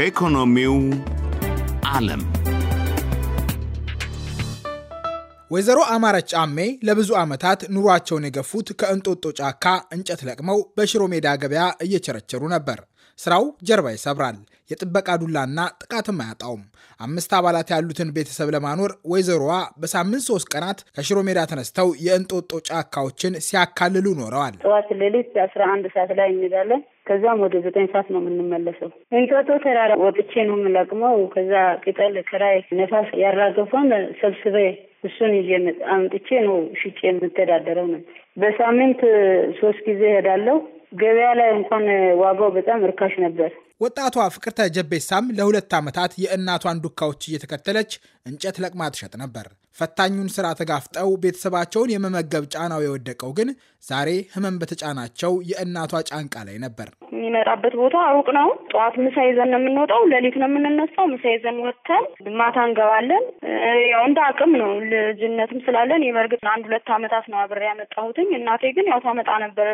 ከኢኮኖሚው ዓለም ወይዘሮ አማረች አሜ ለብዙ ዓመታት ኑሯቸውን የገፉት ከእንጦጦ ጫካ እንጨት ለቅመው በሽሮ ሜዳ ገበያ እየቸረቸሩ ነበር። ስራው ጀርባ ይሰብራል። የጥበቃ ዱላና ጥቃትም አያጣውም። አምስት አባላት ያሉትን ቤተሰብ ለማኖር ወይዘሮዋ በሳምንት ሶስት ቀናት ከሽሮ ሜዳ ተነስተው የእንጦጦ ጫካዎችን ሲያካልሉ ኖረዋል። ጠዋት ሌሊት አስራ አንድ ሰዓት ላይ እንሄዳለን ከዛም ወደ ዘጠኝ ሰዓት ነው የምንመለሰው። እንጦጦ ተራራ ወጥቼ ነው የምለቅመው። ከዛ ቅጠል ክራይ ነፋስ ያራገፈውን ሰብስቤ እሱን ይዤ አምጥቼ ነው ሽጬ የምተዳደረው ነው። በሳምንት ሶስት ጊዜ እሄዳለሁ። ገበያ ላይ እንኳን ዋጋው በጣም እርካሽ ነበር። ወጣቷ ፍቅርተ ጀቤሳም ለሁለት ዓመታት የእናቷን ዱካዎች እየተከተለች እንጨት ለቅማ ትሸጥ ነበር። ፈታኙን ስራ ተጋፍጠው ቤተሰባቸውን የመመገብ ጫናው የወደቀው ግን ዛሬ ህመም በተጫናቸው የእናቷ ጫንቃ ላይ ነበር። የሚመጣበት ቦታ ሩቅ ነው። ጠዋት ምሳ ይዘን ነው የምንወጣው፣ ሌሊት ነው የምንነሳው። ምሳ ይዘን ወጥተን ማታ እንገባለን። ያው እንደ አቅም ነው፣ ልጅነትም ስላለን የበርግጥ አንድ ሁለት ዓመታት ነው አብሬ ያመጣሁትኝ። እናቴ ግን ያው ታመጣ ነበረ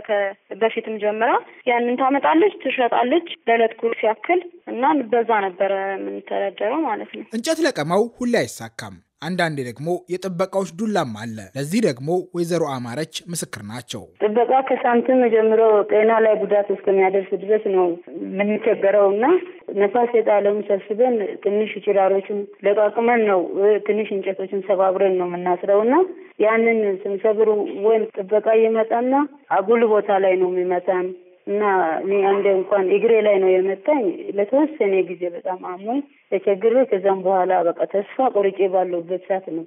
በፊትም ጀምራ ያንን ታመጣለች፣ ትሸጣለች፣ ለዕለት ቁርስ ያክል እና በዛ ነበረ የምንተዳደረው ማለት ነው። እንጨት ለቀማው ሁሌ አይሳካም። አንዳንዴ ደግሞ የጥበቃዎች ዱላም አለ። ለዚህ ደግሞ ወይዘሮ አማረች ምስክር ናቸው። ጥበቃ ከሳንቲም ጀምሮ ጤና ላይ ጉዳት እስከሚያደርስ ድረስ ነው የምንቸገረው እና ነፋስ የጣለውን ሰብስበን ትንሽ ጭራሮችን ለቃቅመን ነው ትንሽ እንጨቶችን ሰባብረን ነው የምናስረው እና ያንን ስንሰብሩ ወይም ጥበቃ እየመጣና አጉል ቦታ ላይ ነው የሚመጣን እና እኔ አንዴ እንኳን እግሬ ላይ ነው የመጣኝ። ለተወሰነ ጊዜ በጣም አሞኝ ተቸግሬ፣ ከዛም በኋላ በቃ ተስፋ ቆርጬ ባለሁበት ሰዓት ነው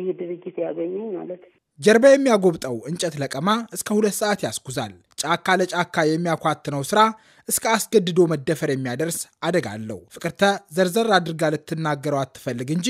ይህ ድርጅት ያገኘኝ ማለት ነው። ጀርባ የሚያጎብጠው እንጨት ለቀማ እስከ ሁለት ሰዓት ያስጉዛል። ጫካ ለጫካ የሚያኳትነው ስራ እስከ አስገድዶ መደፈር የሚያደርስ አደጋ አለው። ፍቅርተ ዘርዘር አድርጋ ልትናገረው አትፈልግ እንጂ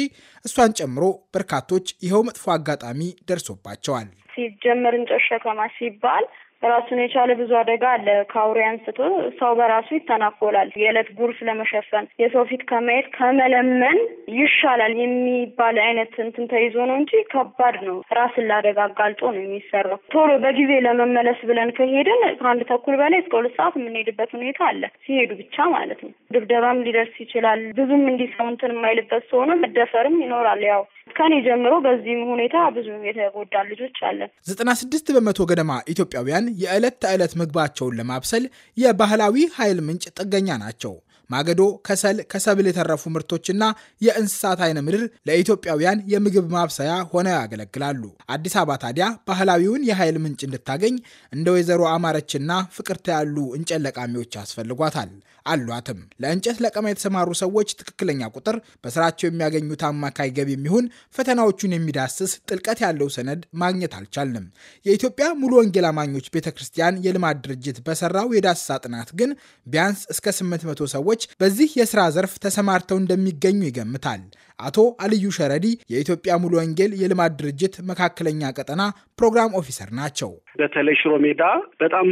እሷን ጨምሮ በርካቶች ይኸው መጥፎ አጋጣሚ ደርሶባቸዋል። ሲጀመር እንጨት ሸከማ ሲባል ራሱን የቻለ ብዙ አደጋ አለ። ከአውሬ አንስቶ ሰው በራሱ ይተናኮላል። የዕለት ጉርስ ለመሸፈን የሰው ፊት ከማየት ከመለመን ይሻላል የሚባል አይነት እንትን ተይዞ ነው እንጂ ከባድ ነው። ራስን ለአደጋ አጋልጦ ነው የሚሰራው። ቶሎ በጊዜ ለመመለስ ብለን ከሄድን ከአንድ ተኩል በላይ እስከ ሁለት ሰዓት የምንሄድበት ሁኔታ አለ። ሲሄዱ ብቻ ማለት ነው። ድብደባም ሊደርስ ይችላል። ብዙም እንዲሰው እንትን የማይልበት ሰሆነ መደፈርም ይኖራል። ያው ከኔ ጀምሮ በዚህም ሁኔታ ብዙ የተጎዳ ልጆች አለ። ዘጠና ስድስት በመቶ ገደማ ኢትዮጵያውያን የዕለት ተዕለት ምግባቸውን ለማብሰል የባህላዊ ኃይል ምንጭ ጥገኛ ናቸው። ማገዶ፣ ከሰል፣ ከሰብል የተረፉ ምርቶችና የእንስሳት አይነ ምድር ለኢትዮጵያውያን የምግብ ማብሰያ ሆነው ያገለግላሉ። አዲስ አበባ ታዲያ ባህላዊውን የኃይል ምንጭ እንድታገኝ እንደ ወይዘሮ አማረችና ፍቅርተ ያሉ እንጨት ለቃሚዎች ያስፈልጓታል። አሏትም። ለእንጨት ለቀማ የተሰማሩ ሰዎች ትክክለኛ ቁጥር፣ በስራቸው የሚያገኙት አማካይ ገቢ የሚሆን ፈተናዎቹን የሚዳስስ ጥልቀት ያለው ሰነድ ማግኘት አልቻልንም። የኢትዮጵያ ሙሉ ወንጌል አማኞች ቤተ ክርስቲያን የልማት ድርጅት በሰራው የዳሰሳ ጥናት ግን ቢያንስ እስከ 800 ሰዎች በዚህ የስራ ዘርፍ ተሰማርተው እንደሚገኙ ይገምታል። አቶ አልዩ ሸረዲ የኢትዮጵያ ሙሉ ወንጌል የልማት ድርጅት መካከለኛ ቀጠና ፕሮግራም ኦፊሰር ናቸው። በተለይ ሽሮ ሜዳ በጣም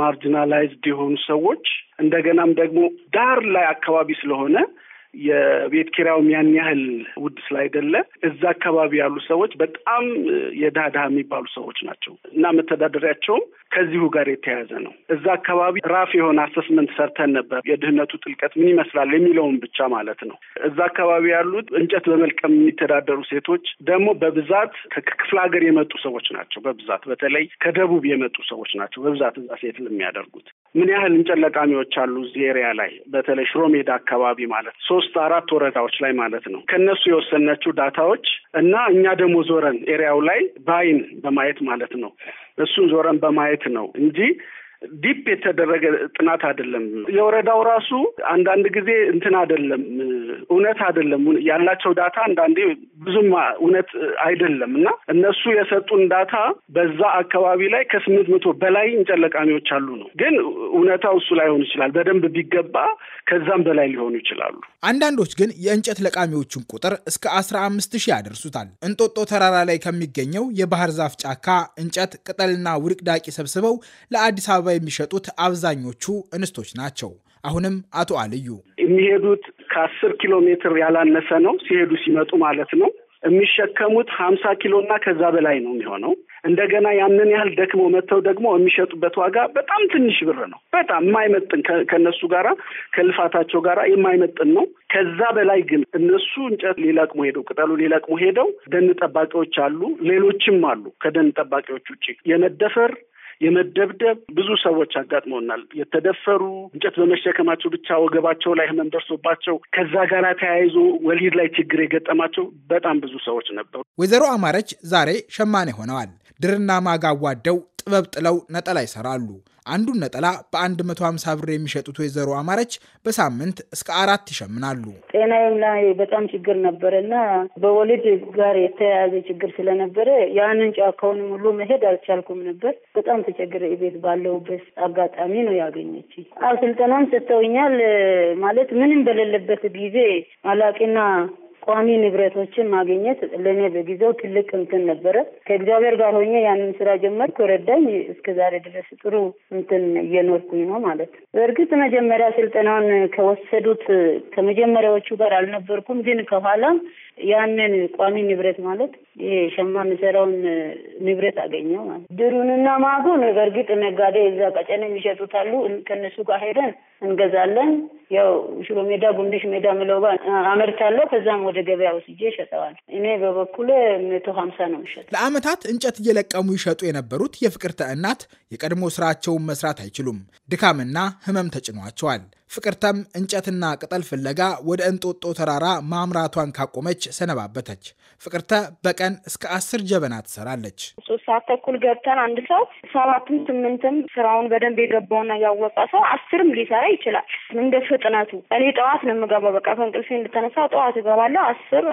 ማርጂናላይዝድ የሆኑ ሰዎች እንደገናም ደግሞ ዳር ላይ አካባቢ ስለሆነ የቤት ኪራዩም ያን ያህል ውድ ስላይደለ እዛ አካባቢ ያሉ ሰዎች በጣም የድሃ ድሃ የሚባሉ ሰዎች ናቸው እና መተዳደሪያቸውም ከዚሁ ጋር የተያያዘ ነው። እዛ አካባቢ ራፍ የሆነ አሰስመንት ሰርተን ነበር። የድህነቱ ጥልቀት ምን ይመስላል የሚለውን ብቻ ማለት ነው። እዛ አካባቢ ያሉት እንጨት በመልቀም የሚተዳደሩ ሴቶች ደግሞ በብዛት ከክፍለ ሀገር የመጡ ሰዎች ናቸው። በብዛት በተለይ ከደቡብ የመጡ ሰዎች ናቸው በብዛት እዛ ሴት የሚያደርጉት ምን ያህል እንጨለቃሚዎች አሉ እዚህ ኤሪያ ላይ በተለይ ሽሮ ሜዳ አካባቢ ማለት ሶስት አራት ወረዳዎች ላይ ማለት ነው። ከነሱ የወሰነችው ዳታዎች እና እኛ ደግሞ ዞረን ኤሪያው ላይ በአይን በማየት ማለት ነው እሱን ዞረን በማየት ነው እንጂ ዲፕ የተደረገ ጥናት አይደለም። የወረዳው ራሱ አንዳንድ ጊዜ እንትን አይደለም፣ እውነት አይደለም ያላቸው ዳታ አንዳንዴ ብዙም እውነት አይደለም እና እነሱ የሰጡን ዳታ በዛ አካባቢ ላይ ከስምንት መቶ በላይ እንጨለቃሚዎች አሉ ነው። ግን እውነታው እሱ ላይሆን ይችላል። በደንብ ቢገባ ከዛም በላይ ሊሆኑ ይችላሉ። አንዳንዶች ግን የእንጨት ለቃሚዎችን ቁጥር እስከ አስራ አምስት ሺህ ያደርሱታል። እንጦጦ ተራራ ላይ ከሚገኘው የባህር ዛፍ ጫካ እንጨት ቅጠልና ውድቅዳቂ ሰብስበው ለአዲስ አበባ የሚሸጡት አብዛኞቹ እንስቶች ናቸው። አሁንም አቶ አልዩ የሚሄዱት ከአስር ኪሎ ሜትር ያላነሰ ነው ሲሄዱ ሲመጡ ማለት ነው። የሚሸከሙት ሀምሳ ኪሎ እና ከዛ በላይ ነው የሚሆነው። እንደገና ያንን ያህል ደክሞ መጥተው ደግሞ የሚሸጡበት ዋጋ በጣም ትንሽ ብር ነው። በጣም የማይመጥን ከእነሱ ጋራ ከልፋታቸው ጋራ የማይመጥን ነው። ከዛ በላይ ግን እነሱ እንጨት ሊለቅሙ ሄደው ቅጠሉ ሊለቅሙ ሄደው ደን ጠባቂዎች አሉ፣ ሌሎችም አሉ ከደን ጠባቂዎች ውጭ የመደፈር የመደብደብ ብዙ ሰዎች አጋጥመውናል። የተደፈሩ እንጨት በመሸከማቸው ብቻ ወገባቸው ላይ ህመም ደርሶባቸው ከዛ ጋር ተያይዞ ወሊድ ላይ ችግር የገጠማቸው በጣም ብዙ ሰዎች ነበሩ። ወይዘሮ አማረች ዛሬ ሸማኔ ሆነዋል። ድርና ማጋ ዋደው ጥበብ ጥለው ነጠላ ይሰራሉ። አንዱን ነጠላ በ150 ብር የሚሸጡት ወይዘሮ አማረች በሳምንት እስከ አራት ይሸምናሉ። ጤናዬም ላይ በጣም ችግር ነበረና በወሊድ ጋር የተያያዘ ችግር ስለነበረ ያንን ጫካውን ሁሉ መሄድ አልቻልኩም ነበር። በጣም ተቸግረ ቤት ባለውበት አጋጣሚ ነው ያገኘች። አዎ ስልጠናም ሰጥተውኛል። ማለት ምንም በሌለበት ጊዜ አላቂና ቋሚ ንብረቶችን ማግኘት ለእኔ በጊዜው ትልቅ እንትን ነበረ። ከእግዚአብሔር ጋር ሆኜ ያንን ስራ ጀመርኩ፣ ረዳኝ። እስከ ዛሬ ድረስ ጥሩ እንትን እየኖርኩኝ ነው ማለት ነው። በእርግጥ መጀመሪያ ስልጠናውን ከወሰዱት ከመጀመሪያዎቹ ጋር አልነበርኩም፣ ግን ከኋላ ያንን ቋሚ ንብረት ማለት ይሄ ሸማ የሚሰራውን ንብረት አገኘው ማለት ድሩንና ማጉን በእርግጥ ነጋዴ እዛ ቀጨን የሚሸጡት አሉ። ከእነሱ ጋር ሄደን እንገዛለን። ያው ሽሮ ሜዳ፣ ጉንድሽ ሜዳ ምለውባ አመርታለሁ። ከዛም ወደ ገበያ ውስጄ ይሸጠዋል። እኔ በበኩል መቶ ሀምሳ ነው ይሸጠ። ለአመታት እንጨት እየለቀሙ ይሸጡ የነበሩት የፍቅርተ እናት የቀድሞ ስራቸውን መስራት አይችሉም። ድካምና ህመም ተጭኗቸዋል። ፍቅርተም እንጨትና ቅጠል ፍለጋ ወደ እንጦጦ ተራራ ማምራቷን ካቆመች ሰነባበተች። ፍቅርተ በቀን እስከ አስር ጀበና ትሰራለች። ሶስት ሰዓት ተኩል ገብተን አንድ ሰው ሰባትም ስምንትም ስራውን በደንብ የገባውና ያወቀ ሰው አስርም ሊሰራ ይችላል። እንደ ፍጥነቱ እኔ ጠዋት ነው የምገባው። በቃ ከእንቅልፌ እንደተነሳ ጠዋት እገባለሁ። አስር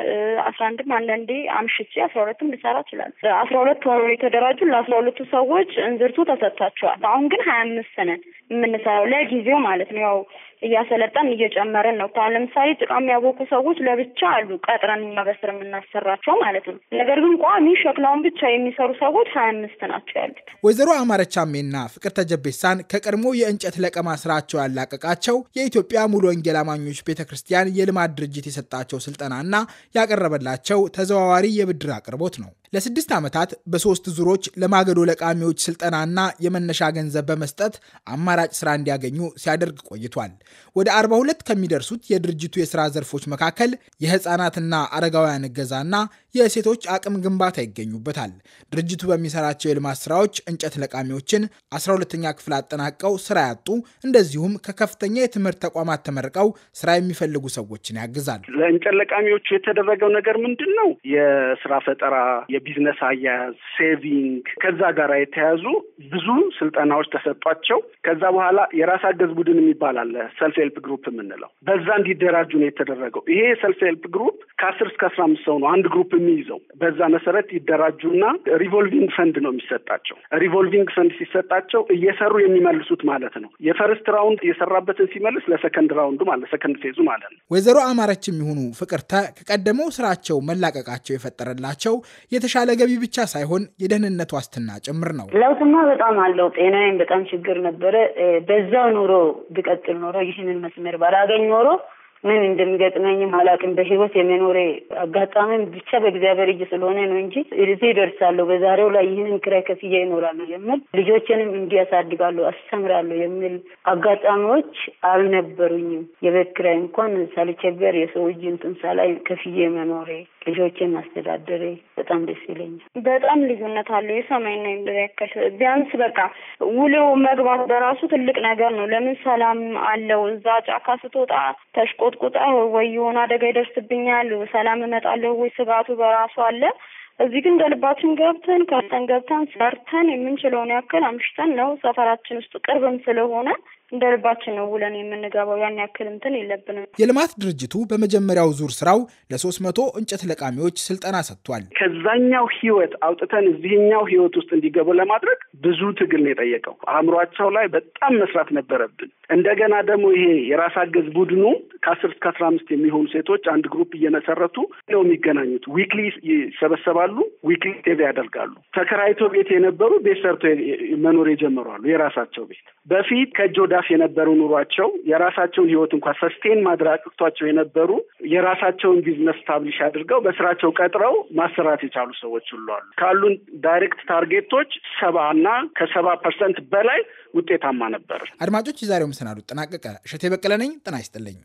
አስራ አንድም አንዳንዴ አምሽቼ አስራ ሁለትም ልሰራ ይችላል። አስራ ሁለት ሆኖ የተደራጁ ለአስራ ሁለቱ ሰዎች እንዝርቱ ተሰጥቷቸዋል። አሁን ግን ሀያ አምስት ነን የምንሰራው ለጊዜው ማለት ነው ያው እያሰለጠን እየጨመረን ነው። አሁን ለምሳሌ ጭቃ የሚያቦኩ ሰዎች ለብቻ አሉ ቀጥረን እኛ በስር የምናሰራቸው ማለት ነው። ነገር ግን ቋሚ ሸክላውን ብቻ የሚሰሩ ሰዎች ሀያ አምስት ናቸው ያሉት ወይዘሮ አማረቻሜና ፍቅር ተጀቤሳን ከቀድሞ የእንጨት ለቀማ ስራቸው ያላቀቃቸው የኢትዮጵያ ሙሉ ወንጌል አማኞች ቤተ ክርስቲያን የልማት ድርጅት የሰጣቸው ስልጠናና ያቀረበላቸው ተዘዋዋሪ የብድር አቅርቦት ነው። ለስድስት ዓመታት በሶስት ዙሮች ለማገዶ ለቃሚዎች ስልጠናና የመነሻ ገንዘብ በመስጠት አማራጭ ስራ እንዲያገኙ ሲያደርግ ቆይቷል። ወደ 42 ከሚደርሱት የድርጅቱ የስራ ዘርፎች መካከል የህፃናትና አረጋውያን እገዛና የሴቶች አቅም ግንባታ ይገኙበታል። ድርጅቱ በሚሰራቸው የልማት ስራዎች እንጨት ለቃሚዎችን 12ኛ ክፍል አጠናቀው ስራ ያጡ እንደዚሁም ከከፍተኛ የትምህርት ተቋማት ተመርቀው ስራ የሚፈልጉ ሰዎችን ያግዛል። ለእንጨት ለቃሚዎቹ የተደረገው ነገር ምንድን ነው? የስራ ፈጠራ፣ የቢዝነስ አያያዝ፣ ሴቪንግ ከዛ ጋር የተያዙ ብዙ ስልጠናዎች ተሰጧቸው። ከዛ በኋላ የራስ አገዝ ቡድን የሚባል አለ ሰልፍ ሄልፕ ግሩፕ የምንለው በዛ እንዲደራጁ ነው የተደረገው። ይሄ ሰልፍ ሄልፕ ግሩፕ ከአስር እስከ አስራ አምስት ሰው ነው አንድ ግሩፕ የሚይዘው። በዛ መሰረት ይደራጁና ሪቮልቪንግ ፈንድ ነው የሚሰጣቸው። ሪቮልቪንግ ፈንድ ሲሰጣቸው እየሰሩ የሚመልሱት ማለት ነው። የፈርስት ራውንድ የሰራበትን ሲመልስ ለሰከንድ ራውንዱ ማለት ሰከንድ ፌዙ ማለት ነው። ወይዘሮ አማረች የሚሆኑ ፍቅርተ ከቀደመው ስራቸው መላቀቃቸው የፈጠረላቸው የተሻለ ገቢ ብቻ ሳይሆን የደህንነት ዋስትና ጭምር ነው። ለውጥማ በጣም አለው። ጤናዬም በጣም ችግር ነበረ። በዛው ኑሮ ብቀጥል ኖሮ ይህንን መስመር ባላገኝ ኖሮ ምን እንደሚገጥመኝም አላውቅም። በህይወት የመኖሬ አጋጣሚም ብቻ በእግዚአብሔር እጅ ስለሆነ ነው እንጂ እዚህ ደርሳለሁ፣ በዛሬው ላይ ይህንን ክራይ ከፍዬ ይኖራለሁ የሚል ልጆችንም እንዲያሳድጋለሁ አስተምራለሁ የሚል አጋጣሚዎች አልነበሩኝም። የቤት ክራይ እንኳን ሳልቸገር የሰው እጅ እንትን ሳላይ ከፍዬ መኖሬ ልጆችን ማስተዳደሬ በጣም ደስ ይለኛል። በጣም ልዩነት አለው የሰማይና የምድር ያካሽ ቢያንስ በቃ ውሎ መግባት በራሱ ትልቅ ነገር ነው። ለምን ሰላም አለው። እዛ ጫካ ስትወጣ ተሽቆጥቁጣ ወይ የሆነ አደጋ ይደርስብኛል፣ ሰላም እመጣለሁ ወይ ስጋቱ በራሱ አለ። እዚህ ግን በልባችን ገብተን ከርተን ገብተን ሰርተን የምንችለውን ያክል አምሽተን ነው ሰፈራችን ውስጥ ቅርብም ስለሆነ እንደ ልባችን ነው ውለን የምንገባው። ያን ያክል እንትን የለብንም። የልማት ድርጅቱ በመጀመሪያው ዙር ስራው ለሶስት መቶ እንጨት ለቃሚዎች ስልጠና ሰጥቷል። ከዛኛው ህይወት አውጥተን እዚህኛው ህይወት ውስጥ እንዲገቡ ለማድረግ ብዙ ትግል ነው የጠየቀው። አእምሯቸው ላይ በጣም መስራት ነበረብን። እንደገና ደግሞ ይሄ የራስ አገዝ ቡድኑ ከአስር እስከ አስራ አምስት የሚሆኑ ሴቶች አንድ ግሩፕ እየመሰረቱ ነው የሚገናኙት። ዊክሊ ይሰበሰባሉ፣ ዊክሊ ቴቪ ያደርጋሉ። ተከራይቶ ቤት የነበሩ ቤት ሰርቶ መኖር የጀመሯሉ። የራሳቸው ቤት በፊት ከእጅ ወደ ድጋፍ የነበሩ ኑሯቸው የራሳቸውን ህይወት እንኳ ሰስቴን ማድረግ አቅቷቸው የነበሩ የራሳቸውን ቢዝነስ ታብሊሽ አድርገው በስራቸው ቀጥረው ማሰራት የቻሉ ሰዎች ሁሉ አሉ። ካሉን ዳይሬክት ታርጌቶች ሰባ እና ከሰባ ፐርሰንት በላይ ውጤታማ ነበር። አድማጮች፣ የዛሬው መሰናዶ ጠናቀቀ። እሸቴ በቀለ ነኝ። ጤና ይስጥልኝ።